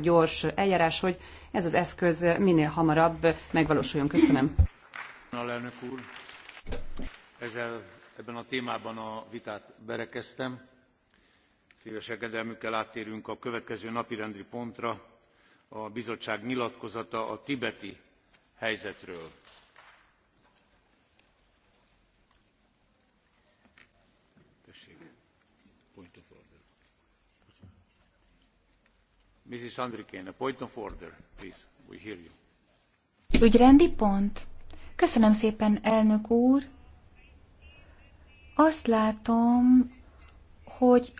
gyors eljárás, hogy ez az eszköz minél hamarabb megvalósuljon. Köszönöm. Alelnök úr, ezzel ebben a témában a vitát berekeztem. Szíves engedelmükkel áttérünk a következő napirendi pontra, a bizottság nyilatkozata a tibeti helyzetről. Ügyrendi pont. Köszönöm szépen, elnök úr. Azt látom, hogy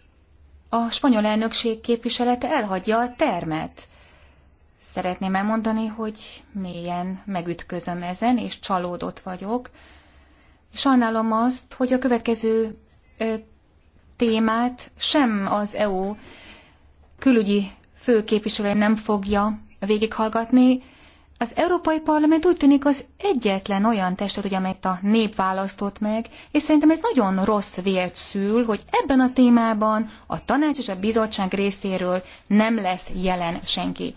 a spanyol elnökség képviselete elhagyja a termet. Szeretném elmondani, hogy mélyen megütközöm ezen, és csalódott vagyok. Sajnálom azt, hogy a következő ö, témát sem az EU külügyi fő képviselő nem fogja végighallgatni. Az Európai Parlament úgy tűnik az egyetlen olyan testet, ugye, amelyet a nép választott meg, és szerintem ez nagyon rossz vért szül, hogy ebben a témában a tanács és a bizottság részéről nem lesz jelen senki.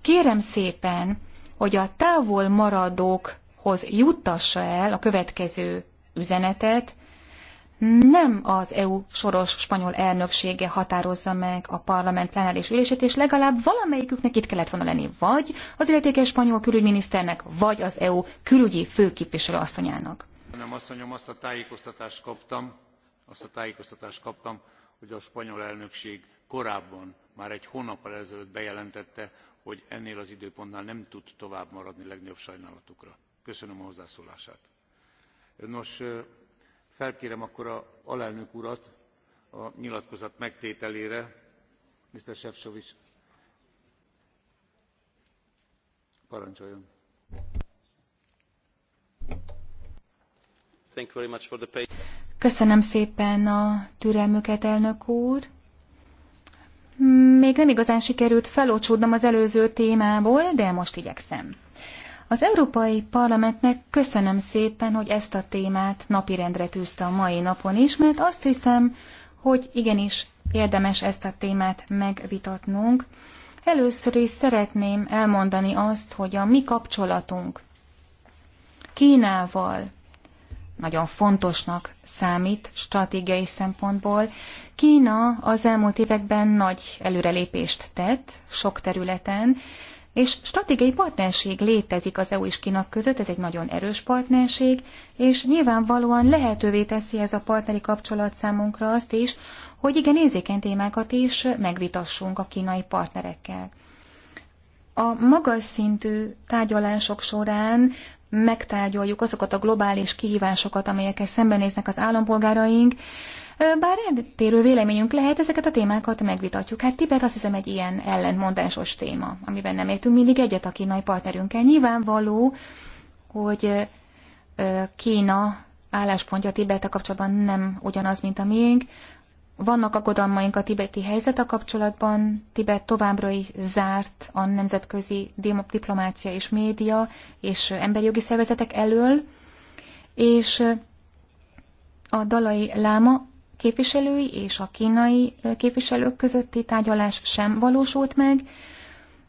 Kérem szépen, hogy a távol maradókhoz juttassa el a következő üzenetet, nem az EU soros spanyol elnöksége határozza meg a parlament plenáris ülését, és legalább valamelyiküknek itt kellett volna lenni, vagy az illetékes spanyol külügyminiszternek, vagy az EU külügyi főképviselő asszonyának. Nem asszonyom, azt a tájékoztatást kaptam, azt a tájékoztatást kaptam, hogy a spanyol elnökség korábban, már egy hónappal ezelőtt bejelentette, hogy ennél az időpontnál nem tud tovább maradni legnagyobb sajnálatukra. Köszönöm a hozzászólását. Nos, felkérem akkor az alelnök urat a nyilatkozat megtételére mr efovi parancsoljon! köszönöm szépen a türelmüket elnök úr! még nem igazán sikerült felocsúdnom az előző témából de most igyekszem. Az Európai Parlamentnek köszönöm szépen, hogy ezt a témát napirendre tűzte a mai napon is, mert azt hiszem, hogy igenis érdemes ezt a témát megvitatnunk. Először is szeretném elmondani azt, hogy a mi kapcsolatunk Kínával nagyon fontosnak számít stratégiai szempontból. Kína az elmúlt években nagy előrelépést tett sok területen, és stratégiai partnerség létezik az EU és Kína között, ez egy nagyon erős partnerség, és nyilvánvalóan lehetővé teszi ez a partneri kapcsolat számunkra azt is, hogy igen érzékeny témákat is megvitassunk a kínai partnerekkel. A magas szintű tárgyalások során megtárgyaljuk azokat a globális kihívásokat, amelyekkel szembenéznek az állampolgáraink. Bár eltérő véleményünk lehet, ezeket a témákat megvitatjuk. Hát Tibet azt hiszem egy ilyen ellentmondásos téma, amiben nem értünk mindig egyet a kínai partnerünkkel. Nyilvánvaló, hogy Kína álláspontja Tibet kapcsolatban nem ugyanaz, mint a miénk. Vannak aggodalmaink a tibeti helyzet a kapcsolatban, Tibet továbbra is zárt a nemzetközi diplomácia és média és emberi jogi szervezetek elől, és a dalai láma képviselői és a kínai képviselők közötti tárgyalás sem valósult meg.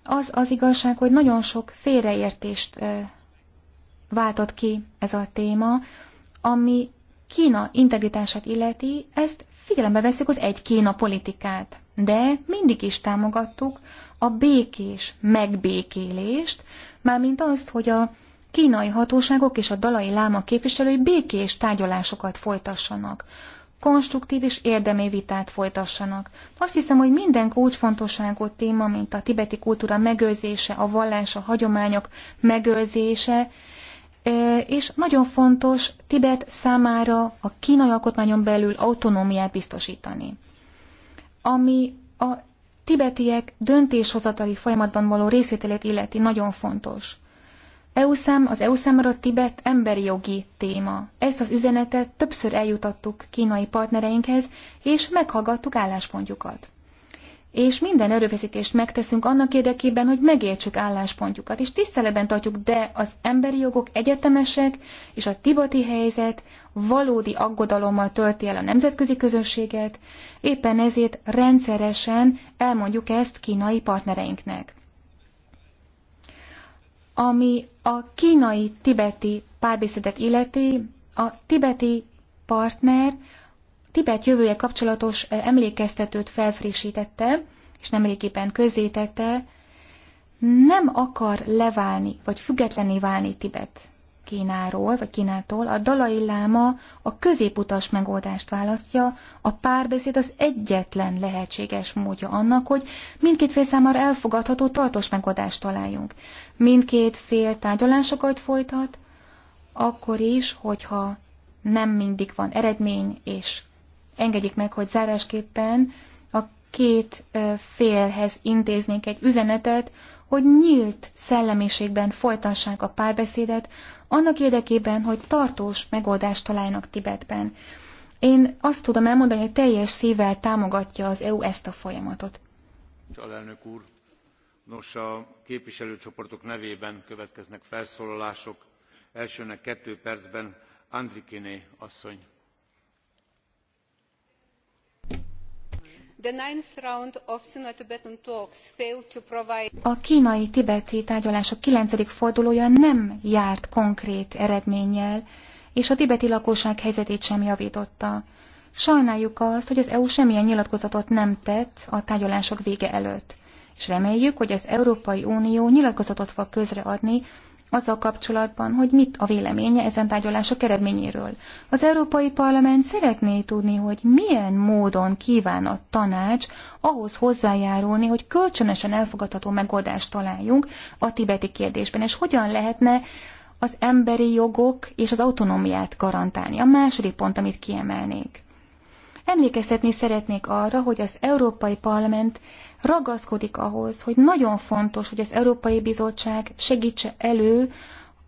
Az az igazság, hogy nagyon sok félreértést váltott ki ez a téma, ami Kína integritását illeti, ezt figyelembe veszük az egy Kína politikát. De mindig is támogattuk a békés megbékélést, mármint azt, hogy a kínai hatóságok és a dalai láma képviselői békés tárgyalásokat folytassanak, konstruktív és érdemi vitát folytassanak. Azt hiszem, hogy minden kulcsfontosságú téma, mint a tibeti kultúra megőrzése, a vallás, a hagyományok megőrzése, és nagyon fontos Tibet számára a kínai alkotmányon belül autonómiát biztosítani, ami a tibetiek döntéshozatali folyamatban való részvételét illeti nagyon fontos. EU-szám, az EU számára Tibet emberi jogi téma. Ezt az üzenetet többször eljutattuk kínai partnereinkhez, és meghallgattuk álláspontjukat és minden erőfeszítést megteszünk annak érdekében, hogy megértsük álláspontjukat, és tiszteleben tartjuk, de az emberi jogok egyetemesek, és a tibati helyzet valódi aggodalommal tölti el a nemzetközi közösséget, éppen ezért rendszeresen elmondjuk ezt kínai partnereinknek. Ami a kínai-tibeti párbeszédet illeti, a tibeti partner Tibet jövője kapcsolatos emlékeztetőt felfrissítette, és nemrégiben közzétette, nem akar leválni, vagy függetlené válni Tibet Kínáról, vagy Kínától. A Dalai Láma a középutas megoldást választja, a párbeszéd az egyetlen lehetséges módja annak, hogy mindkét fél számára elfogadható tartós megoldást találjunk. Mindkét fél tárgyalásokat folytat, akkor is, hogyha nem mindig van eredmény, és engedjék meg, hogy zárásképpen a két félhez intéznék egy üzenetet, hogy nyílt szellemiségben folytassák a párbeszédet, annak érdekében, hogy tartós megoldást találjanak Tibetben. Én azt tudom elmondani, hogy teljes szívvel támogatja az EU ezt a folyamatot. Alelnök úr, nos a képviselőcsoportok nevében következnek felszólalások. Elsőnek kettő percben Andrikiné asszony. A kínai-tibeti tárgyalások kilencedik fordulója nem járt konkrét eredménnyel, és a tibeti lakosság helyzetét sem javította. Sajnáljuk azt, hogy az EU semmilyen nyilatkozatot nem tett a tárgyalások vége előtt, és reméljük, hogy az Európai Unió nyilatkozatot fog közreadni azzal kapcsolatban, hogy mit a véleménye ezen tárgyalások eredményéről. Az Európai Parlament szeretné tudni, hogy milyen módon kíván a tanács ahhoz hozzájárulni, hogy kölcsönösen elfogadható megoldást találjunk a tibeti kérdésben, és hogyan lehetne az emberi jogok és az autonómiát garantálni. A második pont, amit kiemelnék. Emlékeztetni szeretnék arra, hogy az Európai Parlament ragaszkodik ahhoz, hogy nagyon fontos, hogy az Európai Bizottság segítse elő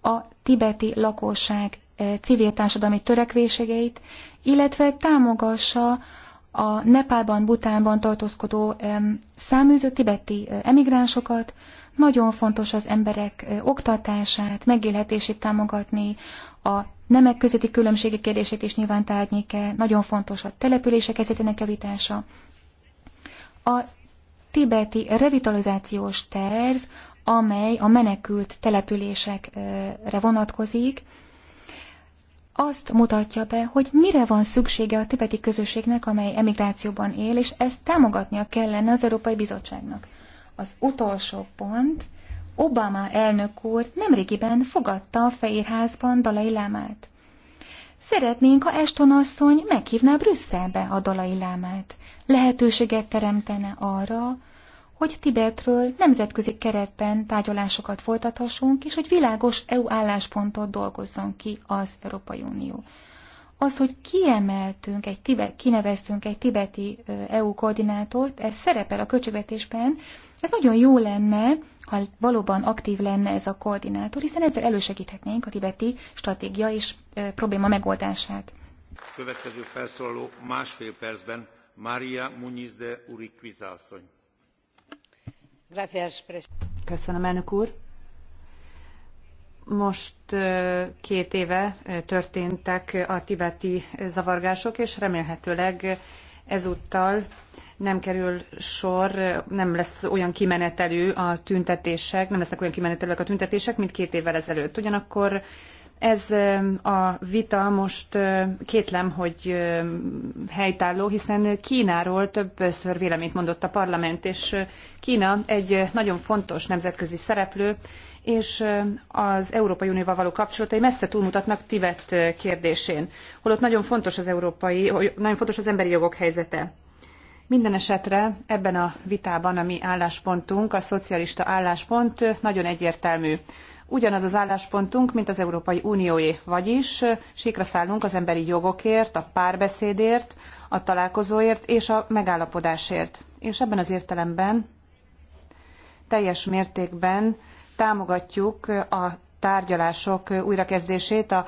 a tibeti lakosság eh, civil társadalmi törekvéseit, illetve támogassa a Nepálban, Butánban tartózkodó száműző tibeti eh, emigránsokat, nagyon fontos az emberek eh, oktatását, megélhetését támogatni, a nemek közötti különbségek kérdését is nyilván tárgyni kell, nagyon fontos a települések helyzetének javítása. A tibeti revitalizációs terv, amely a menekült településekre vonatkozik, azt mutatja be, hogy mire van szüksége a tibeti közösségnek, amely emigrációban él, és ezt támogatnia kellene az Európai Bizottságnak. Az utolsó pont, Obama elnök úr nemrégiben fogadta a Fehérházban Dalai Lámát. Szeretnénk, ha Eston asszony meghívná Brüsszelbe a Dalai Lámát. Lehetőséget teremtene arra, hogy Tibetről nemzetközi keretben tárgyalásokat folytathassunk, és hogy világos EU álláspontot dolgozzon ki az Európai Unió. Az, hogy kiemeltünk egy tibet, kineveztünk egy tibeti EU koordinátort, ez szerepel a költségvetésben, ez nagyon jó lenne, ha valóban aktív lenne ez a koordinátor, hiszen ezzel elősegíthetnénk a tibeti stratégia és probléma megoldását. Következő felszólaló másfél percben Mária Muniz de Urikviza most két éve történtek a tibeti zavargások, és remélhetőleg ezúttal nem kerül sor, nem lesz olyan kimenetelő a tüntetések, nem lesznek olyan kimenetelőek a tüntetések, mint két évvel ezelőtt. Ugyanakkor ez a vita most kétlem, hogy helytálló, hiszen Kínáról többször véleményt mondott a parlament, és Kína egy nagyon fontos nemzetközi szereplő, és az Európai Unióval való kapcsolatai messze túlmutatnak Tibet kérdésén, holott nagyon fontos az európai, nagyon fontos az emberi jogok helyzete. Minden esetre ebben a vitában a mi álláspontunk, a szocialista álláspont nagyon egyértelmű ugyanaz az álláspontunk, mint az Európai Unióé, vagyis síkra szállunk az emberi jogokért, a párbeszédért, a találkozóért és a megállapodásért. És ebben az értelemben teljes mértékben támogatjuk a tárgyalások újrakezdését a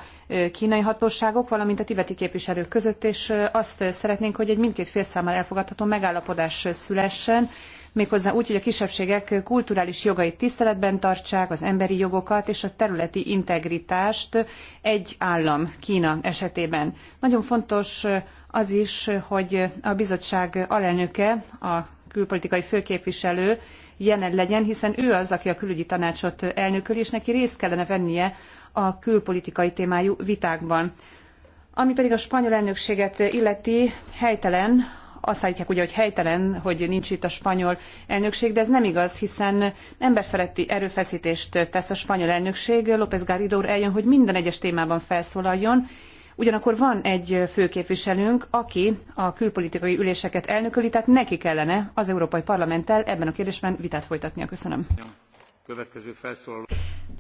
kínai hatóságok, valamint a tibeti képviselők között, és azt szeretnénk, hogy egy mindkét fél számára elfogadható megállapodás szülessen, méghozzá úgy, hogy a kisebbségek kulturális jogait tiszteletben tartsák, az emberi jogokat és a területi integritást egy állam, Kína esetében. Nagyon fontos az is, hogy a bizottság alelnöke, a külpolitikai főképviselő jelen legyen, hiszen ő az, aki a külügyi tanácsot elnököli, és neki részt kellene vennie a külpolitikai témájú vitákban. Ami pedig a spanyol elnökséget illeti, helytelen azt állítják ugye, hogy helytelen, hogy nincs itt a spanyol elnökség, de ez nem igaz, hiszen emberfeletti erőfeszítést tesz a spanyol elnökség. López Garrido eljön, hogy minden egyes témában felszólaljon, Ugyanakkor van egy főképviselőnk, aki a külpolitikai üléseket elnököli, tehát neki kellene az Európai Parlamenttel ebben a kérdésben vitát folytatnia. Köszönöm. Következő felszólaló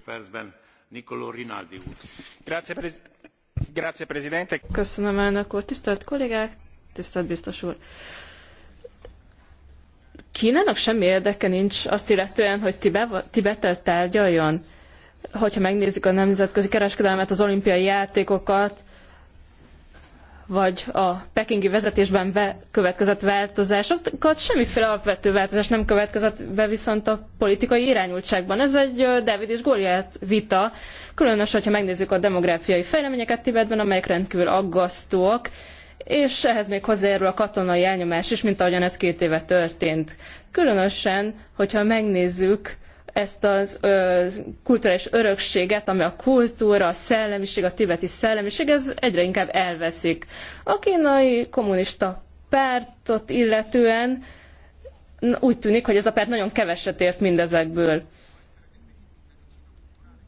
percben Nicolò Rinaldi úr. Grazie, Grazie, Presidente. Köszönöm, elnök úr. Tisztelt kollégák, tisztelt biztos úr. Kínának semmi érdeke nincs azt illetően, hogy Tibettel tárgyaljon. Hogyha megnézzük a nemzetközi kereskedelmet, az olimpiai játékokat, vagy a pekingi vezetésben bekövetkezett változásokat, semmiféle alapvető változás nem következett be viszont a politikai irányultságban. Ez egy David és Goliath vita, különös, hogyha megnézzük a demográfiai fejleményeket Tibetben, amelyek rendkívül aggasztóak, és ehhez még hozzájárul a katonai elnyomás is, mint ahogyan ez két éve történt. Különösen, hogyha megnézzük ezt a kulturális örökséget, ami a kultúra, a szellemiség, a tibeti szellemiség, ez egyre inkább elveszik. A kínai kommunista pártot illetően úgy tűnik, hogy ez a párt nagyon keveset ért mindezekből.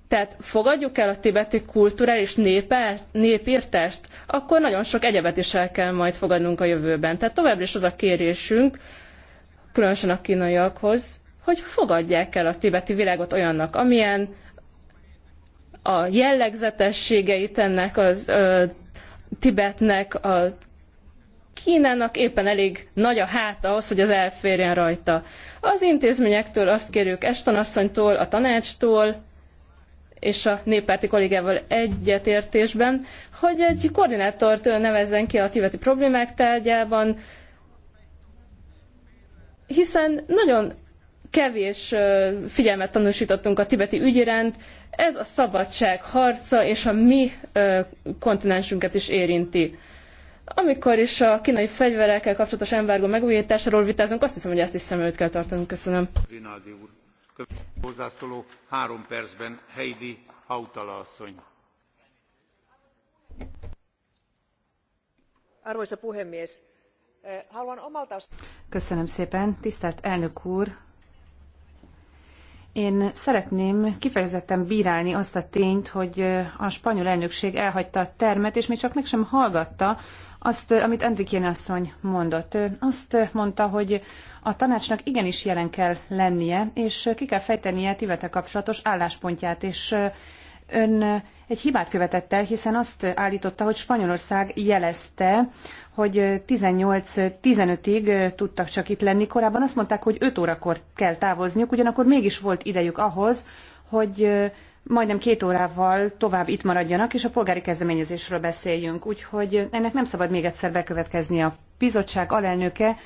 Tehát fogadjuk el a tibeti kulturális népel, népírtást, akkor nagyon sok egyebet is el kell majd fogadnunk a jövőben. Tehát továbbra is az a kérésünk, különösen a kínaiakhoz, hogy fogadják el a tibeti világot olyannak, amilyen a jellegzetességeit ennek az ö, Tibetnek, a Kínának éppen elég nagy a hát ahhoz, hogy az elférjen rajta. Az intézményektől azt kérjük Eston asszonytól, a tanácstól, és a néppárti kollégával egyetértésben, hogy egy koordinátort nevezzen ki a tibeti problémák tárgyában, hiszen nagyon kevés figyelmet tanúsítottunk a tibeti ügy ez a szabadság harca és a mi kontinensünket is érinti. Amikor is a kínai fegyverekkel kapcsolatos embargo megújításáról vitázunk, azt hiszem, hogy ezt is szem előtt kell tartanunk. Köszönöm. Rinaldi úr. Követő hozzászóló három percben Heidi Hautala asszony. Arvoisa puhemies, haluan omalta... Köszönöm szépen, tisztelt elnök úr, én szeretném kifejezetten bírálni azt a tényt, hogy a spanyol elnökség elhagyta a termet, és még csak meg sem hallgatta azt, eh, amit Enrikén asszony mondott. Azt eh, mondta, hogy a tanácsnak igenis jelen kell lennie, és eh, ki kell fejtenie Tibete kapcsolatos álláspontját, és ön egy hibát követett el, hiszen azt állította, hogy Spanyolország jelezte, hogy 18-15-ig tudtak csak itt lenni. Korábban azt mondták, hogy 5 órakor kell távozniuk, ugyanakkor mégis volt idejük ahhoz, hogy majdnem két órával tovább itt maradjanak, és a polgári kezdeményezésről beszéljünk. Úgyhogy ennek nem szabad még egyszer bekövetkezni a bizottság alelnöke,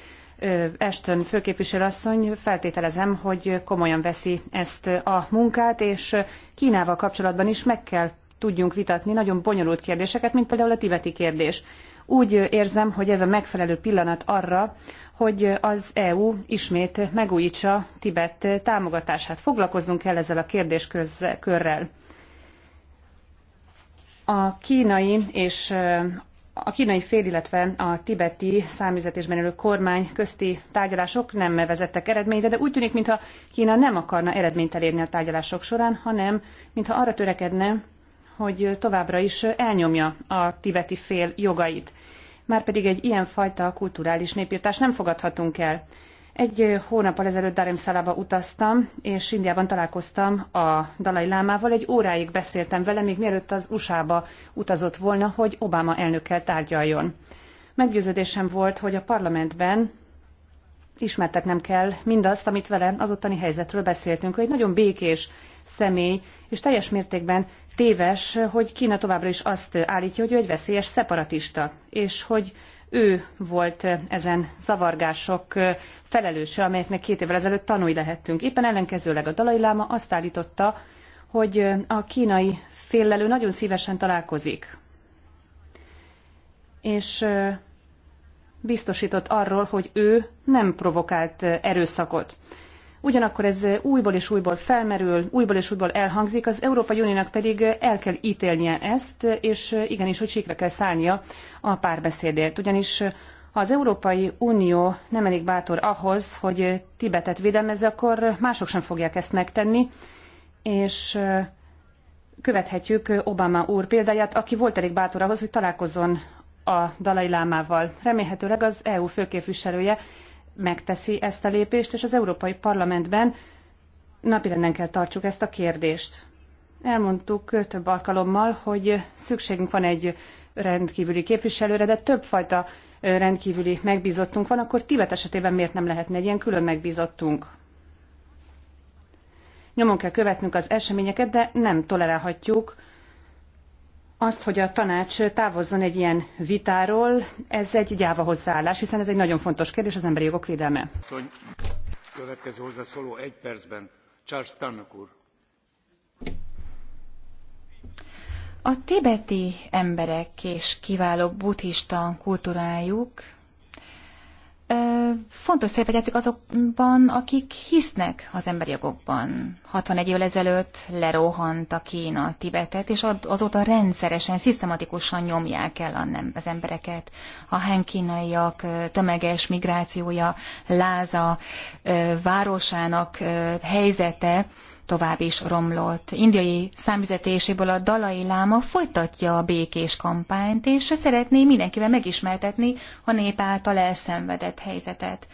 Ashton főképviselőasszony, feltételezem, hogy komolyan veszi ezt a munkát, és Kínával kapcsolatban is meg kell tudjunk vitatni nagyon bonyolult kérdéseket, mint például a tibeti kérdés. Úgy érzem, hogy ez a megfelelő pillanat arra, hogy az EU ismét megújítsa Tibet támogatását. Foglalkoznunk kell ezzel a kérdéskörrel. A kínai és a kínai fél, illetve a tibeti számüzetésben élő kormány közti tárgyalások nem vezettek eredményre, de úgy tűnik, mintha Kína nem akarna eredményt elérni a tárgyalások során, hanem mintha arra törekedne, hogy továbbra is elnyomja a tibeti fél jogait. Márpedig egy ilyen fajta kulturális népírtást nem fogadhatunk el. Egy hónap ezelőtt Dharamsalába utaztam, és Indiában találkoztam a Dalai Lámával. Egy óráig beszéltem vele, még mielőtt az USA-ba utazott volna, hogy Obama elnökkel tárgyaljon. Meggyőződésem volt, hogy a parlamentben ismertetnem kell mindazt, amit vele az ottani helyzetről beszéltünk, hogy egy nagyon békés személy, és teljes mértékben téves, hogy Kína továbbra is azt állítja, hogy ő egy veszélyes szeparatista, és hogy ő volt ezen zavargások felelőse, amelyeknek két évvel ezelőtt tanúi lehettünk. Éppen ellenkezőleg a Dalai Láma azt állította, hogy a kínai féllelő nagyon szívesen találkozik. És biztosított arról, hogy ő nem provokált erőszakot. Ugyanakkor ez újból és újból felmerül, újból és újból elhangzik, az Európai Uniónak pedig el kell ítélnie ezt, és igenis, hogy síkra kell szállnia a párbeszédért. Ugyanis ha az Európai Unió nem elég bátor ahhoz, hogy Tibetet védelmezze, akkor mások sem fogják ezt megtenni, és követhetjük Obama úr példáját, aki volt elég bátor ahhoz, hogy találkozzon a Dalai Lámával. Remélhetőleg az EU főképviselője megteszi ezt a lépést, és az Európai Parlamentben napirenden kell tartsuk ezt a kérdést. Elmondtuk több alkalommal, hogy szükségünk van egy rendkívüli képviselőre, de többfajta rendkívüli megbízottunk van, akkor Tibet esetében miért nem lehetne egy ilyen külön megbízottunk? Nyomon kell követnünk az eseményeket, de nem tolerálhatjuk, azt, hogy a tanács távozzon egy ilyen vitáról, ez egy gyáva hozzáállás, hiszen ez egy nagyon fontos kérdés, az emberi jogok védelme. Szony, következő hozzászóló egy percben, Charles Tannock úr. A tibeti emberek és kiváló buddhista kultúrájuk fontos szerepet játszik azokban, akik hisznek az emberi jogokban. 61 évvel ezelőtt lerohant a Kína Tibetet, és azóta rendszeresen, szisztematikusan nyomják el az embereket. A hány tömeges migrációja, Láza városának helyzete, tovább is romlott. Indiai számüzetéséből a Dalai Láma folytatja a békés kampányt, és szeretné mindenkivel megismertetni a nép által elszenvedett helyzetet.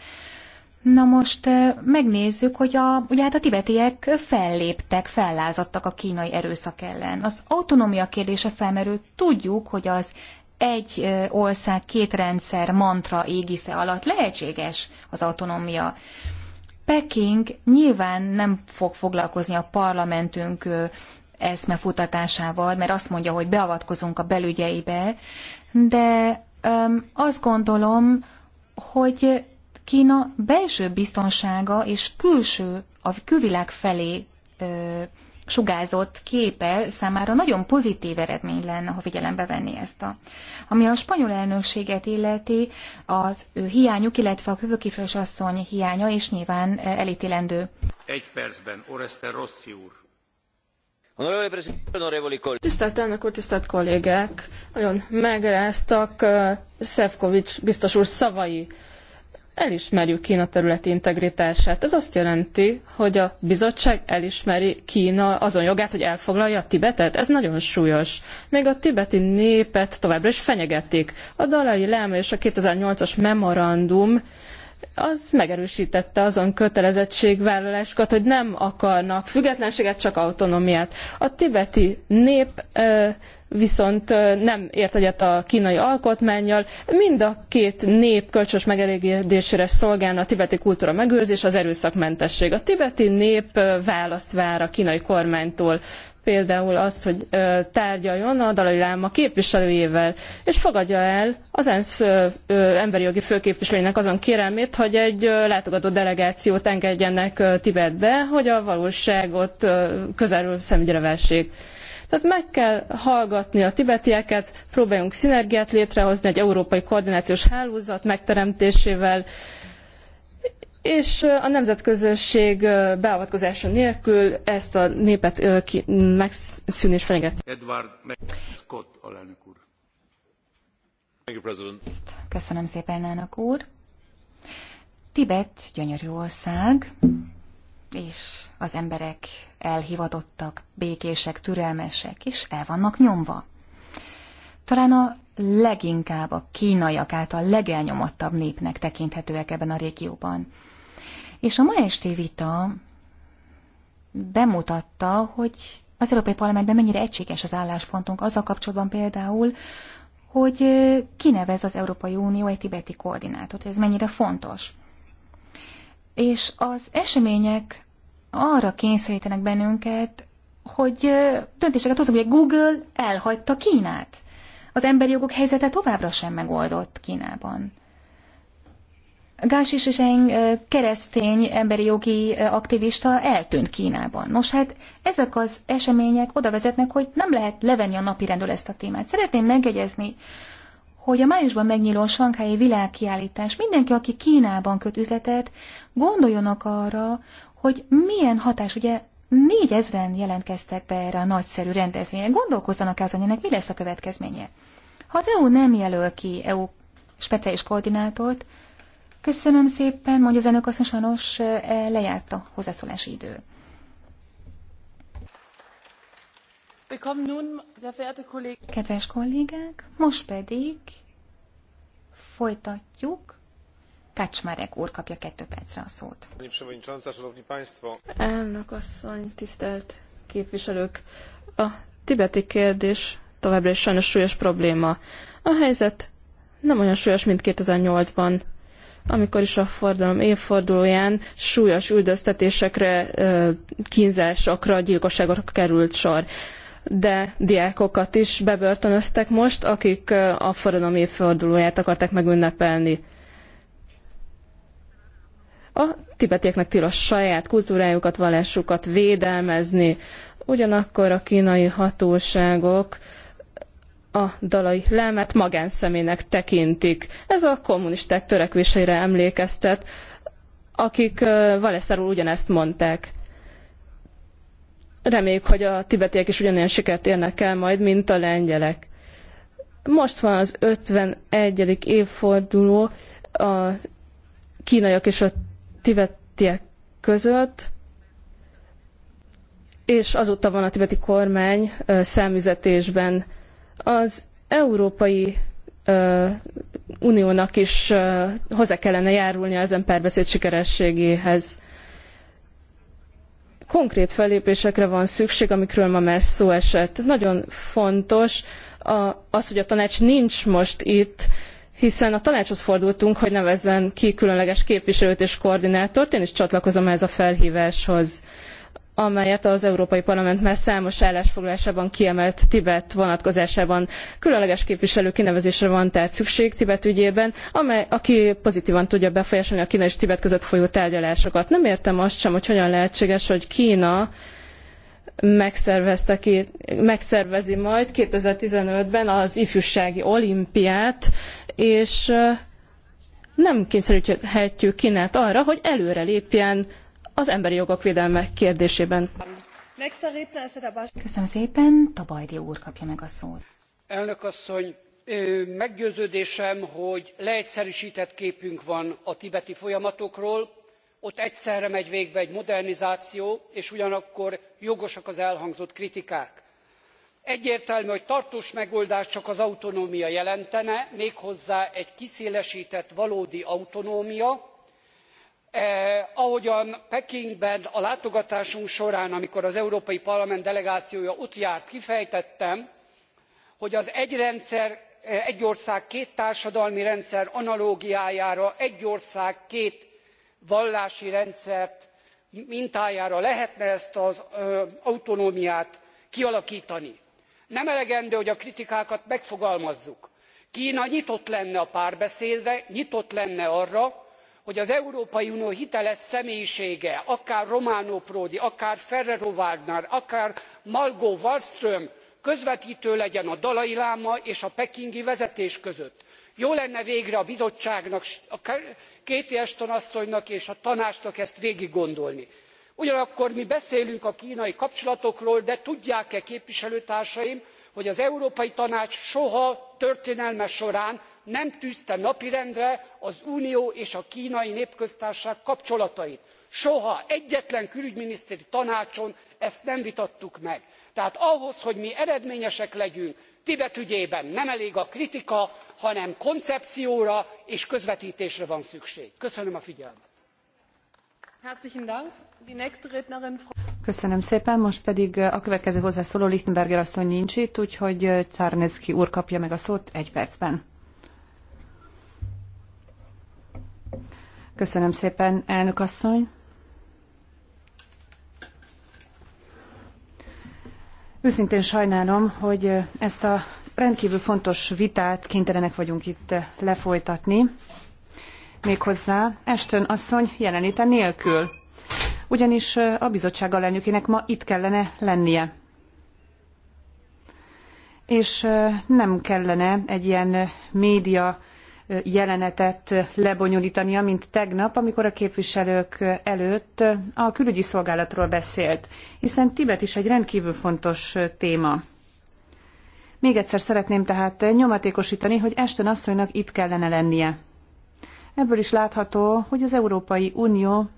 Na most megnézzük, hogy a, ugye hát a tibetiek felléptek, fellázadtak a kínai erőszak ellen. Az autonómia kérdése felmerül, tudjuk, hogy az egy ország, két rendszer mantra égisze alatt lehetséges az autonómia. Peking nyilván nem fog foglalkozni a parlamentünk eszmefutatásával, mert azt mondja, hogy beavatkozunk a belügyeibe, de öm, azt gondolom, hogy Kína belső biztonsága és külső, a külvilág felé ö, sugárzott képe számára nagyon pozitív eredmény lenne, ha figyelembe venni ezt a. Ami a spanyol elnökséget illeti, az ő hiányuk, illetve a kövőkifős asszony hiánya is nyilván eh, elítélendő. Egy percben, Oreste Rossi úr. Tisztelt elnök úr, tisztelt kollégák! Nagyon megeráztak eh, Szefkovics biztos úr szavai elismerjük Kína területi integritását. Ez azt jelenti, hogy a bizottság elismeri Kína azon jogát, hogy elfoglalja a Tibetet. Ez nagyon súlyos. Még a tibeti népet továbbra is fenyegetik. A Dalai Lama és a 2008-as memorandum az megerősítette azon kötelezettségvállalásokat, hogy nem akarnak függetlenséget, csak autonómiát. A tibeti nép viszont nem ért egyet a kínai alkotmányjal. Mind a két nép kölcsös megelégedésére szolgálna a tibeti kultúra megőrzés, az erőszakmentesség. A tibeti nép választ vár a kínai kormánytól például azt, hogy tárgyaljon a Dalai Láma képviselőjével, és fogadja el az ENSZ emberi jogi főképviselőjének azon kérelmét, hogy egy látogató delegációt engedjenek Tibetbe, hogy a valóságot közelről szemügyre vessék. Tehát meg kell hallgatni a tibetieket, próbáljunk szinergiát létrehozni egy európai koordinációs hálózat megteremtésével, és a nemzetközösség beavatkozása nélkül ezt a népet megszűni és fenyegeti. Edward Scott alelnök úr. Köszönöm szépen, elnök úr. Tibet gyönyörű ország, és az emberek elhivatottak, békések, türelmesek, és el vannak nyomva. Talán a leginkább a kínaiak által legelnyomottabb népnek tekinthetőek ebben a régióban. És a ma esti vita bemutatta, hogy az Európai Parlamentben mennyire egységes az álláspontunk azzal kapcsolatban például, hogy kinevez az Európai Unió egy tibeti koordinátort. Ez mennyire fontos és az események arra kényszerítenek bennünket, hogy döntéseket hozunk, hogy Google elhagyta Kínát. Az emberi jogok helyzete továbbra sem megoldott Kínában. Gás és Zseng keresztény emberi jogi aktivista eltűnt Kínában. Nos hát ezek az események oda vezetnek, hogy nem lehet levenni a napirendről ezt a témát. Szeretném megjegyezni, hogy a májusban megnyíló Sankhályi világkiállítás mindenki, aki Kínában köt üzletet, gondoljonak arra, hogy milyen hatás, ugye négyezren jelentkeztek be erre a nagyszerű rendezvényre. Gondolkozzanak azon, ennek mi lesz a következménye. Ha az EU nem jelöl ki EU speciális koordinátort, köszönöm szépen, mondja az elnök azt, sajnos eh, lejárt a hozzászólási idő. Kedves kollégák, most pedig folytatjuk. Kacsmarek úr kapja kettő percre a szót. Elnök asszony, tisztelt képviselők! A tibeti kérdés továbbra is sajnos súlyos probléma. A helyzet nem olyan súlyos, mint 2008-ban amikor is a fordalom évfordulóján súlyos üldöztetésekre, kínzásokra, gyilkosságokra került sor de diákokat is bebörtönöztek most, akik a forradalom évfordulóját akarták megünnepelni. A tibetieknek tilos saját kultúrájukat, vallásukat védelmezni, ugyanakkor a kínai hatóságok a dalai lámát magánszemélynek tekintik. Ez a kommunisták törekvéseire emlékeztet, akik Valeszer ugyanezt mondták. Reméljük, hogy a tibetiek is ugyanilyen sikert érnek el majd, mint a lengyelek. Most van az 51. évforduló a kínaiak és a tibetiek között, és azóta van a tibeti kormány számüzetésben. Az Európai Uniónak is hozzá kellene járulnia ezen párbeszéd sikerességéhez konkrét fellépésekre van szükség, amikről ma már szó esett. Nagyon fontos az, hogy a tanács nincs most itt, hiszen a tanácshoz fordultunk, hogy nevezzen ki különleges képviselőt és koordinátort. Én is csatlakozom ehhez a felhíváshoz amelyet az Európai Parlament már számos állásfoglalásában kiemelt Tibet vonatkozásában. Különleges képviselő kinevezésre van tehát szükség Tibet ügyében, amely, aki pozitívan tudja befolyásolni a Kína és Tibet között folyó tárgyalásokat. Nem értem azt sem, hogy hogyan lehetséges, hogy Kína megszervezte ki, megszervezi majd 2015-ben az ifjúsági olimpiát, és nem kényszeríthetjük Kínát arra, hogy előre lépjen az emberi jogok védelme kérdésében. Köszönöm szépen, Tabajdi úr kapja meg a szót. Elnök asszony, meggyőződésem, hogy leegyszerűsített képünk van a tibeti folyamatokról, ott egyszerre megy végbe egy modernizáció és ugyanakkor jogosak az elhangzott kritikák. egyértelmű hogy tartós megoldást csak az autonómia jelentene méghozzá egy kiszélesített valódi autonómia Eh, ahogyan pekingben a látogatásunk során amikor az európai parlament delegációja ott járt kifejtettem hogy az egy eh, ország két társadalmi rendszer analógiájára egy ország két vallási rendszer mintájára lehetne ezt az autonómiát kialaktani. nem elegendő hogy a kritikákat megfogalmazzuk. kna nyitott lenne a párbeszédre nyitott lenne arra hogy az európai unió hiteles személyisége akár romano prodi akár ferrero waldner akár margot wallström közvettő legyen a dalai láma és a pekingi vezetés között. jó lenne végre a bizottságnak catherine ashton asszonynak és a tanácsnak ezt végiggondolni. ugyanakkor mi beszélünk a knai kapcsolatokról de tudják e képviselőtársaim hogy az európai tanács soha történelme során nem tűzte napirendre az unió és a knai népköztársaság kapcsolatait soha egyetlen külügyminiszteri tanácson ezt nem vitattuk meg. tehát ahhoz hogy mi eredményesek legyünk tibet ügyében nem elég a kritika hanem koncepcióra és közvettésre van szükség. köszönöm a figyelmet. Köszönöm szépen, most pedig a következő hozzászóló Lichtenberger asszony nincs itt, úgyhogy Czárnecki úr kapja meg a szót egy percben. Köszönöm szépen, elnök asszony. Őszintén sajnálom, hogy ezt a rendkívül fontos vitát kénytelenek vagyunk itt lefolytatni, méghozzá Eston asszony jelenléte nélkül ugyanis a bizottság alelnökének ma itt kellene lennie. És nem kellene egy ilyen média jelenetet lebonyolítania, mint tegnap, amikor a képviselők előtt a külügyi szolgálatról beszélt, hiszen Tibet is egy rendkívül fontos téma. Még egyszer szeretném tehát nyomatékosítani, hogy Esten asszonynak itt kellene lennie. Ebből is látható, hogy az Európai Unió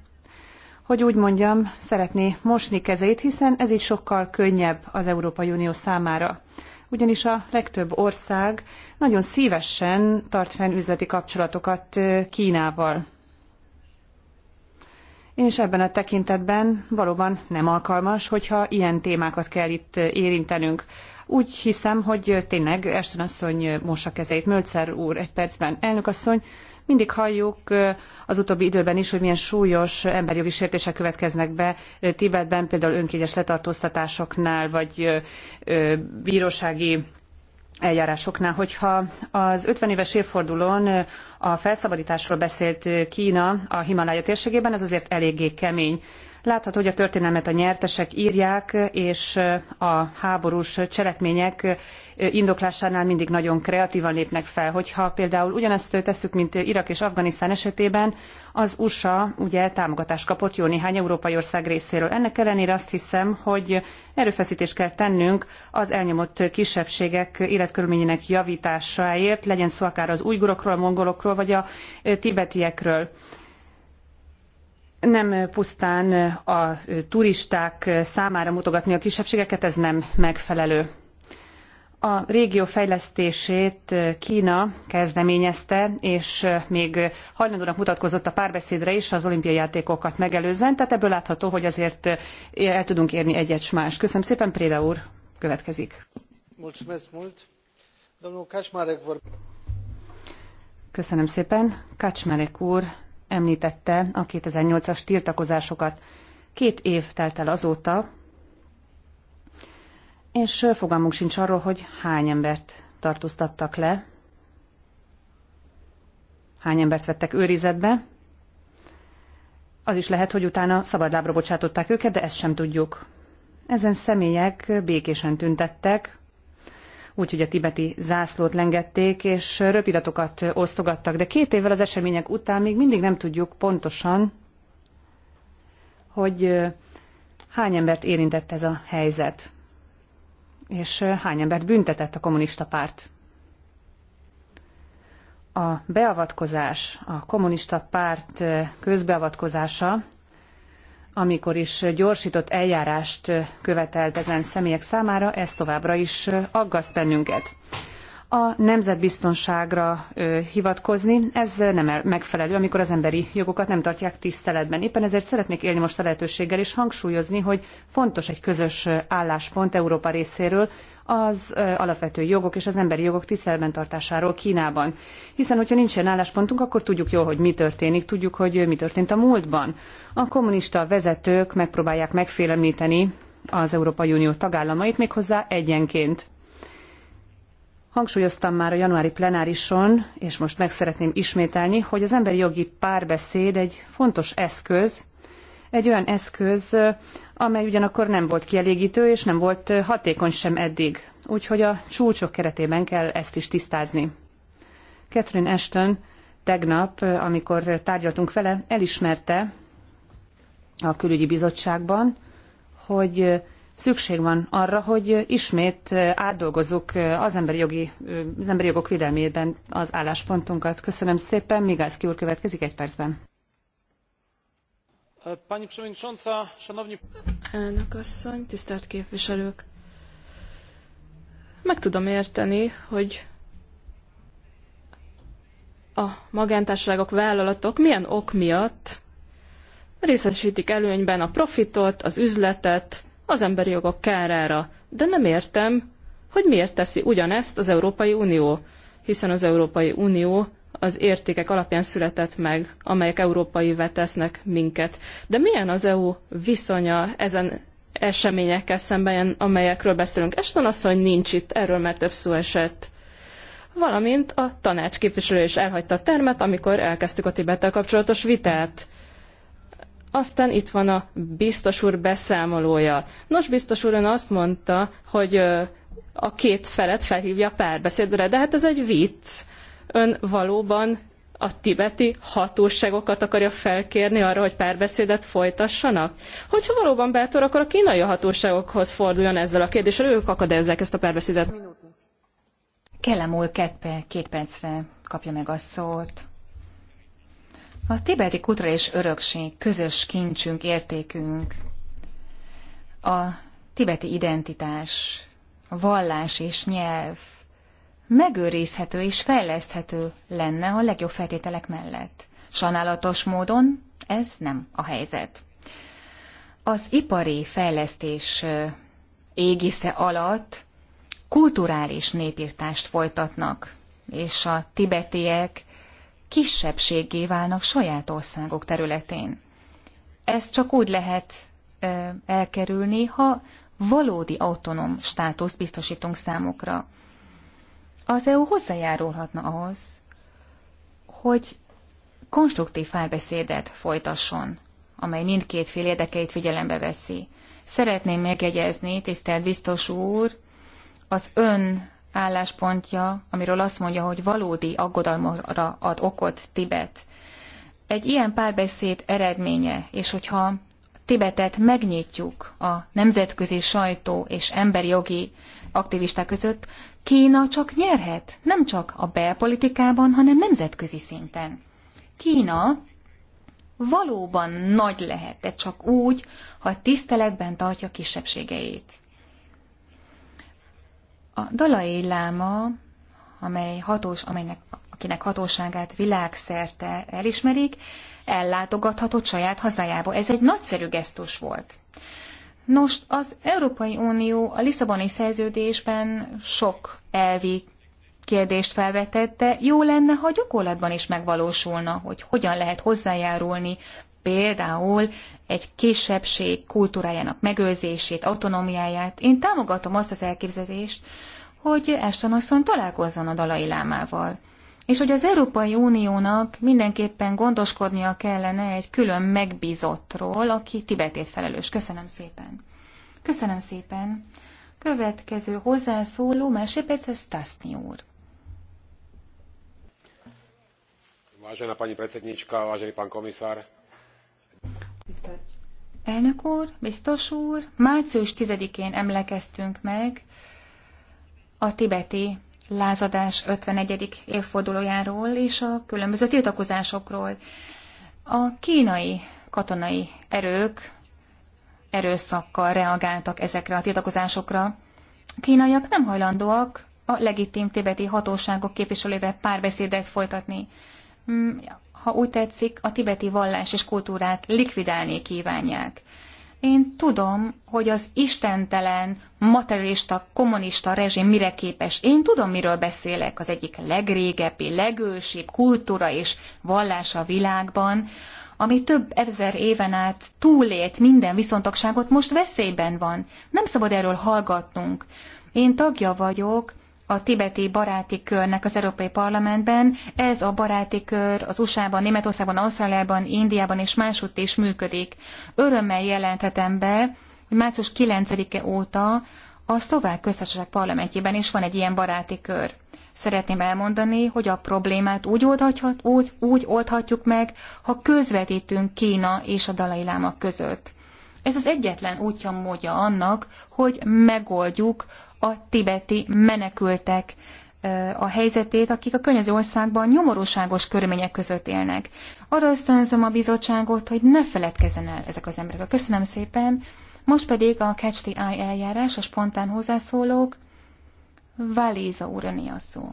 hogy úgy mondjam, szeretné mosni kezeit, hiszen ez így sokkal könnyebb az Európai Unió számára. Ugyanis a legtöbb ország nagyon szívesen tart fenn üzleti kapcsolatokat Kínával. És ebben a tekintetben valóban nem alkalmas, hogyha ilyen témákat kell itt érintenünk. Úgy hiszem, hogy tényleg Esten asszony mossa kezeit. Mölcer úr, egy percben. Elnök asszony, mindig halljuk az utóbbi időben is, hogy milyen súlyos emberjogi sértések következnek be Tibetben, például önkényes letartóztatásoknál, vagy bírósági eljárásoknál, hogyha az 50 éves évfordulón a felszabadításról beszélt Kína a Himalája térségében, ez azért eléggé kemény Látható, hogy a történelmet a nyertesek írják, és a háborús cselekmények indoklásánál mindig nagyon kreatívan lépnek fel. Hogyha például ugyanezt tesszük, mint Irak és Afganisztán esetében, az USA ugye támogatást kapott jó néhány európai ország részéről. Ennek ellenére azt hiszem, hogy erőfeszítést kell tennünk az elnyomott kisebbségek életkörülményének javításáért, legyen szó akár az ujgurokról, mongolokról, vagy a tibetiekről nem pusztán a turisták számára mutogatni a kisebbségeket, ez nem megfelelő. A régió fejlesztését Kína kezdeményezte, és még hajlandónak mutatkozott a párbeszédre is az olimpiai játékokat megelőzően, tehát ebből látható, hogy azért el tudunk érni egyet -egy más. Köszönöm szépen, Préda úr, következik. Köszönöm szépen. Kacsmarek úr említette a 2008-as tiltakozásokat. Két év telt el azóta, és fogalmunk sincs arról, hogy hány embert tartóztattak le, hány embert vettek őrizetbe. Az is lehet, hogy utána szabadlábra bocsátották őket, de ezt sem tudjuk. Ezen személyek békésen tüntettek, úgyhogy a tibeti zászlót lengették, és röpidatokat osztogattak. De két évvel az események után még mindig nem tudjuk pontosan, hogy hány embert érintett ez a helyzet, és hány embert büntetett a kommunista párt. A beavatkozás, a kommunista párt közbeavatkozása amikor is gyorsított eljárást követelt ezen személyek számára, ez továbbra is aggaszt bennünket. A nemzetbiztonságra hivatkozni, ez nem megfelelő, amikor az emberi jogokat nem tartják tiszteletben. Éppen ezért szeretnék élni most a lehetőséggel és hangsúlyozni, hogy fontos egy közös álláspont Európa részéről az alapvető jogok és az emberi jogok tiszteletben tartásáról Kínában. Hiszen, hogyha nincs ilyen álláspontunk, akkor tudjuk jól, hogy mi történik, tudjuk, hogy mi történt a múltban. A kommunista vezetők megpróbálják megfélemlíteni az Európai Unió tagállamait, méghozzá egyenként. Hangsúlyoztam már a januári plenárison, és most meg szeretném ismételni, hogy az emberi jogi párbeszéd egy fontos eszköz, egy olyan eszköz, amely ugyanakkor nem volt kielégítő, és nem volt hatékony sem eddig. Úgyhogy a csúcsok keretében kell ezt is tisztázni. Catherine Ashton tegnap, amikor tárgyaltunk vele, elismerte a külügyi bizottságban, hogy szükség van arra, hogy ismét átdolgozzuk az emberi, jogi, az emberi jogok védelmében az álláspontunkat. Köszönöm szépen, Migászki úr következik egy percben. Pani Przewodnicząca, Szanowni... Elnök asszony, tisztelt képviselők! Meg tudom érteni, hogy a magántársaságok, vállalatok milyen ok miatt részesítik előnyben a profitot, az üzletet, az emberi jogok kárára. De nem értem, hogy miért teszi ugyanezt az Európai Unió, hiszen az Európai Unió az értékek alapján született meg, amelyek európaivá tesznek minket. De milyen az EU viszonya ezen eseményekkel szemben, amelyekről beszélünk? Eston asszony nincs itt, erről már több szó esett. Valamint a tanács képviselő is elhagyta a termet, amikor elkezdtük a Tibettel kapcsolatos vitát. Aztán itt van a biztos úr beszámolója. Nos, biztos úr ön azt mondta, hogy a két felet felhívja párbeszédre, de hát ez egy vicc ön valóban a tibeti hatóságokat akarja felkérni arra, hogy párbeszédet folytassanak? Hogyha valóban bátor, akkor a kínai hatóságokhoz forduljon ezzel a kérdéssel, ők akadályozzák ezt a párbeszédet. Kellem úr két percre kapja meg a szót. A tibeti kutra és örökség közös kincsünk, értékünk. A tibeti identitás, a vallás és nyelv, megőrizhető és fejleszthető lenne a legjobb feltételek mellett. Sajnálatos módon ez nem a helyzet. Az ipari fejlesztés égisze alatt kulturális népírtást folytatnak, és a tibetiek kisebbségé válnak saját országok területén. Ez csak úgy lehet elkerülni, ha valódi autonóm státuszt biztosítunk számukra. Az EU hozzájárulhatna ahhoz, hogy konstruktív párbeszédet folytasson, amely mindkét fél érdekeit figyelembe veszi. Szeretném megjegyezni, tisztelt biztos úr, az ön álláspontja, amiről azt mondja, hogy valódi aggodalmara ad okot Tibet. Egy ilyen párbeszéd eredménye, és hogyha Tibetet megnyitjuk a nemzetközi sajtó és emberi jogi aktivisták között, Kína csak nyerhet, nem csak a belpolitikában, hanem nemzetközi szinten. Kína valóban nagy lehet, de csak úgy, ha tiszteletben tartja kisebbségeit. A dalai láma, amely hatós, amelynek akinek hatóságát világszerte elismerik, ellátogathatott saját hazájába. Ez egy nagyszerű gesztus volt. Nos, az Európai Unió a Lisszaboni szerződésben sok elvi kérdést felvetette. jó lenne, ha gyakorlatban is megvalósulna, hogy hogyan lehet hozzájárulni például egy kisebbség kultúrájának megőrzését, autonómiáját. Én támogatom azt az elképzelést, hogy Ashton asszony találkozzon a dalai lámával és hogy az Európai Uniónak mindenképpen gondoskodnia kellene egy külön megbízottról, aki Tibetét felelős. Köszönöm szépen. Köszönöm szépen. Következő hozzászóló másodperc, Stasny úr. Vážená pani predsedníčka, vážený pán komisár. Elnök úr, biztos úr, március 10-én emlekeztünk meg a tibeti lázadás 51. évfordulójáról és a különböző tiltakozásokról. A kínai katonai erők erőszakkal reagáltak ezekre a tiltakozásokra. A kínaiak nem hajlandóak a legitim tibeti hatóságok képviselővel párbeszédet folytatni. Mm, ha úgy tetszik, a tibeti vallás és kultúrát likvidálni kívánják. Én tudom, hogy az istentelen, materialista, kommunista rezsim mire képes. Én tudom, miről beszélek. Az egyik legrégebbi, legősibb kultúra és vallás a világban, ami több ezer éven át túlélt minden viszontagságot, most veszélyben van. Nem szabad erről hallgatnunk. Én tagja vagyok a tibeti baráti körnek az Európai Parlamentben. Ez a baráti kör az USA-ban, Németországban, Ausztráliában, Indiában és másutt is működik. Örömmel jelenthetem be, hogy március 9-e óta a szlovák köztársaság parlamentjében is van egy ilyen baráti kör. Szeretném elmondani, hogy a problémát úgy, oldhatjuk, úgy, úgy oldhatjuk meg, ha közvetítünk Kína és a Dalai Láma között. Ez az egyetlen útja módja annak, hogy megoldjuk a tibeti menekültek a helyzetét, akik a környező országban nyomorúságos körülmények között élnek. Arra ösztönzöm a bizottságot, hogy ne feledkezzen el ezek az emberek. Köszönöm szépen. Most pedig a Catch the Eye eljárás, a spontán hozzászólók. Valéza úrani a szó.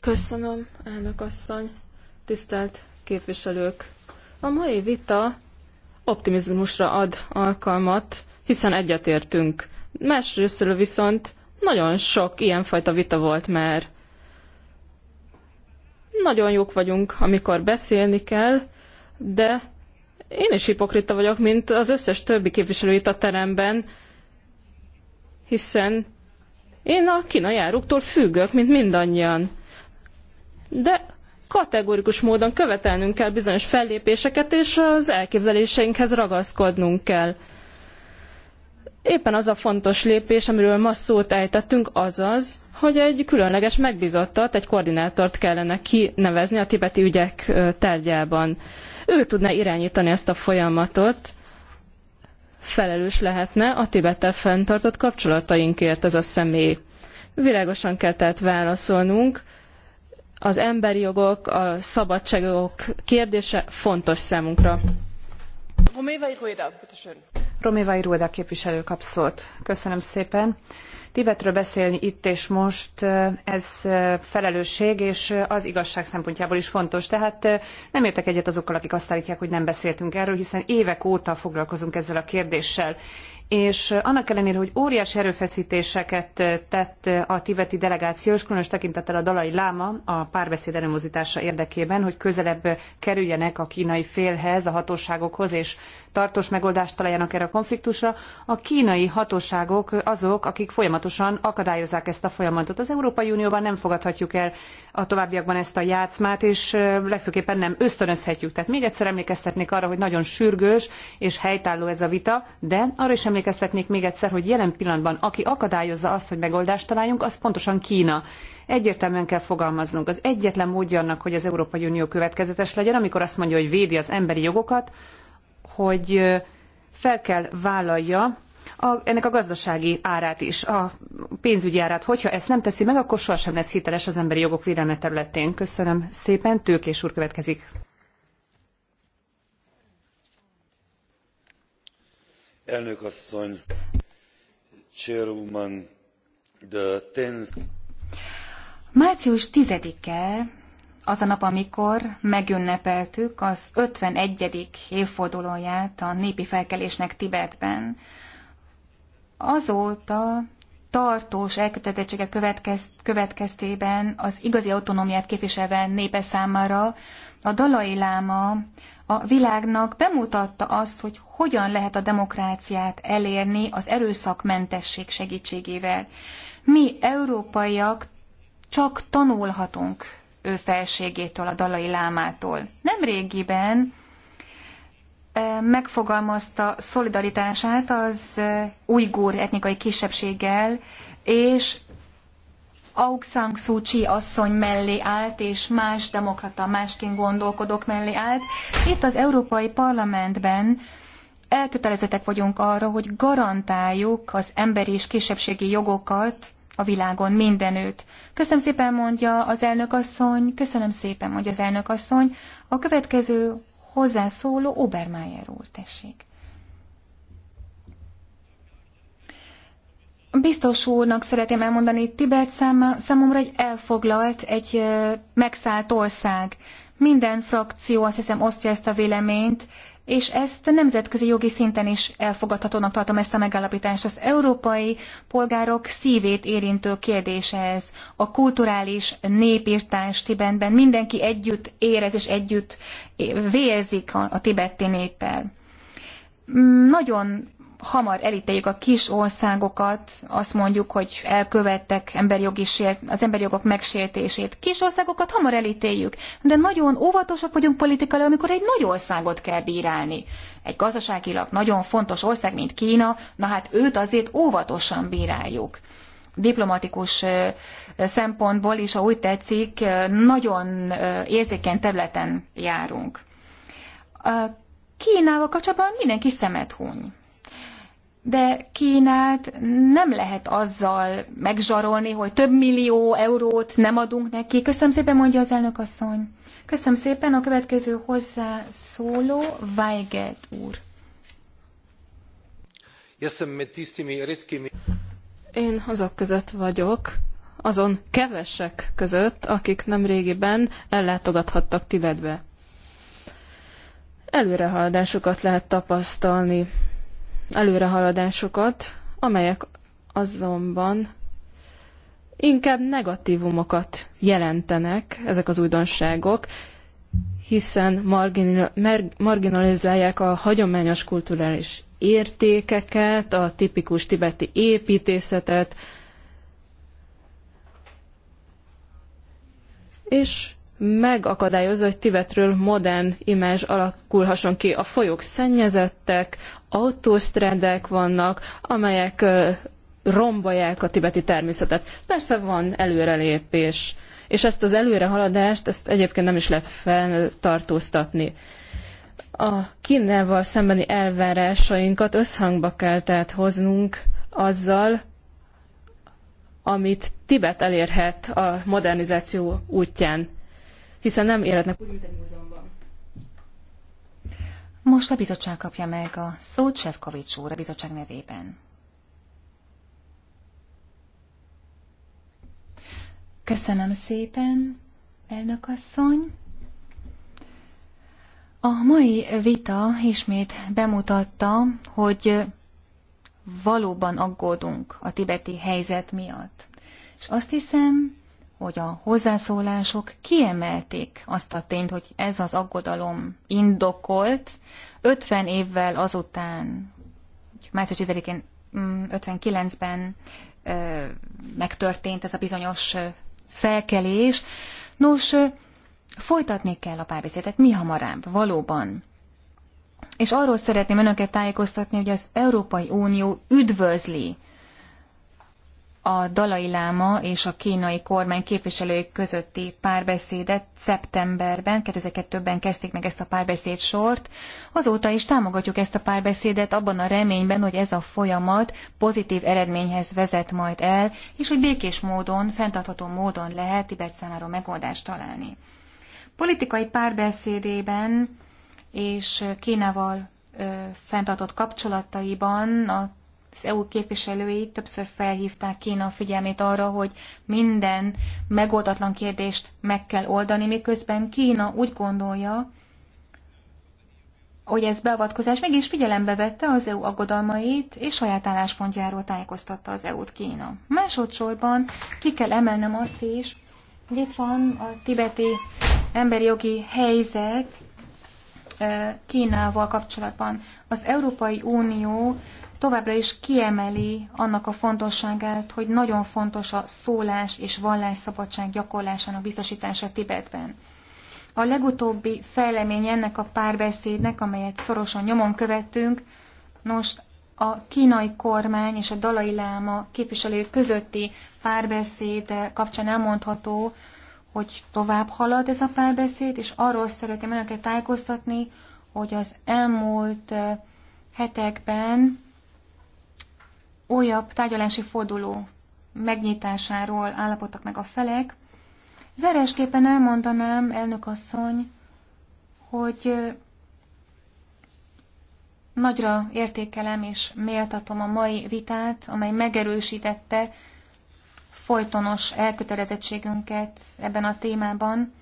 Köszönöm, elnök asszony, tisztelt képviselők! A mai vita optimizmusra ad alkalmat, hiszen egyetértünk. Másrésztről viszont nagyon sok ilyenfajta vita volt már. Nagyon jók vagyunk, amikor beszélni kell, de én is hipokrita vagyok, mint az összes többi képviselő itt a teremben, hiszen én a áruktól függök, mint mindannyian. De kategórikus módon követelnünk kell bizonyos fellépéseket, és az elképzeléseinkhez ragaszkodnunk kell. Éppen az a fontos lépés, amiről ma szót ejtettünk, az az, hogy egy különleges megbizottat, egy koordinátort kellene kinevezni a tibeti ügyek tárgyában. Ő tudna irányítani ezt a folyamatot, felelős lehetne a Tibettel fenntartott kapcsolatainkért ez a személy. Világosan kell tehát válaszolnunk, az emberi jogok, a szabadságjogok kérdése fontos számunkra. Romévai Rueda képviselő kap szót. Köszönöm szépen. Tibetről beszélni itt és most, eh, ez eh, felelősség, és eh, az igazság szempontjából is fontos. Tehát nem értek egyet azokkal, akik azt állítják, hogy nem beszéltünk erről, hiszen évek óta foglalkozunk ezzel a kérdéssel és annak ellenére, hogy óriási erőfeszítéseket tett a tibeti delegáció, és különös tekintettel a Dalai Láma a párbeszéd előmozítása érdekében, hogy közelebb kerüljenek a kínai félhez, a hatóságokhoz, és tartós megoldást találjanak erre a konfliktusra, a kínai hatóságok azok, akik folyamatosan akadályozzák ezt a folyamatot. Az Európai Unióban nem fogadhatjuk el a továbbiakban ezt a játszmát, és legfőképpen nem ösztönözhetjük. Tehát még egyszer emlékeztetnék arra, hogy nagyon sürgős és helytálló ez a vita, de arra is emlékeztetnék még egyszer, hogy jelen pillanatban aki akadályozza azt, hogy megoldást találjunk, az pontosan Kína. Egyértelműen kell fogalmaznunk. Az egyetlen módja annak, hogy az Európai Unió következetes legyen, amikor azt mondja, hogy védi az emberi jogokat, hogy fel kell vállalja a, ennek a gazdasági árát is, a pénzügyi árát. Hogyha ezt nem teszi meg, akkor sohasem lesz hiteles az emberi jogok védelme területén. Köszönöm szépen, Tőkés úr következik. elnök asszony chairwoman the tenth Március 10-e az a nap, amikor megünnepeltük az 51. évfordulóját a népi felkelésnek Tibetben. Azóta tartós elkötelezettsége következtében az igazi autonómiát képviselve népe számára a Dalai Láma a világnak bemutatta azt, hogy hogyan lehet a demokráciát elérni az erőszakmentesség segítségével. Mi, európaiak, csak tanulhatunk ő felségétől, a dalai lámától. Nemrégiben e, megfogalmazta szolidaritását az e, ujgur etnikai kisebbséggel, és Aung San Suu Kyi asszony mellé állt, és más demokrata, másként gondolkodók mellé állt. Itt az Európai Parlamentben elkötelezettek vagyunk arra, hogy garantáljuk az emberi és kisebbségi jogokat a világon mindenütt. Köszönöm szépen, mondja az elnök asszony, köszönöm szépen, mondja az elnök asszony. A következő hozzászóló Obermeier úr, tessék. Biztos úrnak szeretném elmondani, Tibet szám, számomra egy elfoglalt, egy megszállt ország. Minden frakció azt hiszem osztja ezt a véleményt, és ezt nemzetközi jogi szinten is elfogadhatónak tartom ezt a megállapítást. Az európai polgárok szívét érintő kérdés ez. A kulturális népírtás Tibetben mindenki együtt érez és együtt vérzik a, a tibeti néppel. Nagyon hamar elítéljük a kis országokat, azt mondjuk, hogy elkövettek emberjogi sért, az emberjogok megsértését. Kis országokat hamar elítéljük, de nagyon óvatosak vagyunk politikailag, amikor egy nagy országot kell bírálni. Egy gazdaságilag nagyon fontos ország, mint Kína, na hát őt azért óvatosan bíráljuk diplomatikus szempontból is, ha úgy tetszik, nagyon érzékeny területen járunk. A Kínával kapcsolatban mindenki szemet huny de Kínát nem lehet azzal megzsarolni, hogy több millió eurót nem adunk neki. Köszönöm szépen, mondja az elnök asszony. Köszönöm szépen, a következő hozzászóló Weigelt úr. Én azok között vagyok, azon kevesek között, akik nem régiben ellátogathattak Tibetbe. Előrehaladásokat lehet tapasztalni előrehaladásokat, amelyek azonban inkább negatívumokat jelentenek ezek az újdonságok, hiszen marginalizálják a hagyományos kulturális értékeket, a tipikus tibeti építészetet, és megakadályozza, hogy Tibetről modern imázs alakulhasson ki. A folyók szennyezettek, autósztrendek vannak, amelyek rombolják a tibeti természetet. Persze van előrelépés, és ezt az előrehaladást, ezt egyébként nem is lehet feltartóztatni. A Kínával szembeni elvárásainkat összhangba kell tehát hoznunk azzal, amit Tibet elérhet a modernizáció útján, hiszen nem életnek úgy, mint egy múzeum. Most a bizottság kapja meg a szót Sefkovics úr a bizottság nevében. Köszönöm szépen, elnök asszony. A mai vita ismét bemutatta, hogy valóban aggódunk a tibeti helyzet miatt. És azt hiszem, hogy a hozzászólások kiemelték azt a tényt, hogy ez az aggodalom indokolt. 50 évvel azután, március 10-én 59-ben mm, megtörtént ez a bizonyos felkelés. Nos, folytatni kell a párbeszédet mi hamarabb, valóban. És arról szeretném önöket tájékoztatni, hogy az Európai Unió üdvözli a Dalai Láma és a kínai kormány képviselői közötti párbeszédet szeptemberben, 2002-ben kezdték meg ezt a párbeszéd sort. Azóta is támogatjuk ezt a párbeszédet abban a reményben, hogy ez a folyamat pozitív eredményhez vezet majd el, és hogy békés módon, fenntartható módon lehet Tibet számára megoldást találni. Politikai párbeszédében és Kínával fenntartott kapcsolataiban a az EU képviselői többször felhívták Kína figyelmét arra, hogy minden megoldatlan kérdést meg kell oldani, miközben Kína úgy gondolja, hogy ez beavatkozás mégis figyelembe vette az EU aggodalmait, és saját álláspontjáról tájékoztatta az EU-t Kína. Másodszorban ki kell emelnem azt is, hogy itt van a tibeti emberi jogi helyzet eh, Kínával kapcsolatban. Az Európai Unió továbbra is kiemeli annak a fontosságát, hogy nagyon fontos a szólás és vallásszabadság gyakorlásának biztosítása Tibetben. A legutóbbi fejlemény ennek a párbeszédnek, amelyet szorosan nyomon követtünk, nos, a kínai kormány és a dalai láma képviselői közötti párbeszéd kapcsán elmondható, hogy tovább halad ez a párbeszéd, és arról szeretném önöket tájékoztatni, hogy az elmúlt eh, hetekben újabb tárgyalási forduló megnyitásáról állapodtak meg a felek. Zárásképpen elmondanám, elnök asszony, hogy nagyra értékelem és méltatom a mai vitát, amely megerősítette folytonos elkötelezettségünket ebben a témában,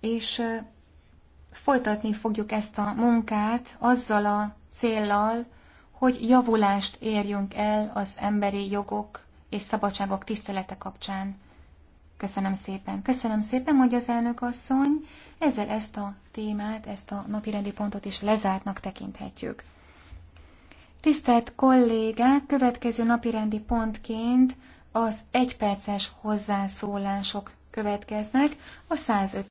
és folytatni fogjuk ezt a munkát azzal a céllal, hogy javulást érjünk el az emberi jogok és szabadságok tisztelete kapcsán. Köszönöm szépen. Köszönöm szépen, hogy az elnök asszony. Ezzel ezt a témát, ezt a napirendi pontot is lezártnak tekinthetjük. Tisztelt kollégák, következő napirendi pontként az egyperces hozzászólások következnek, a 105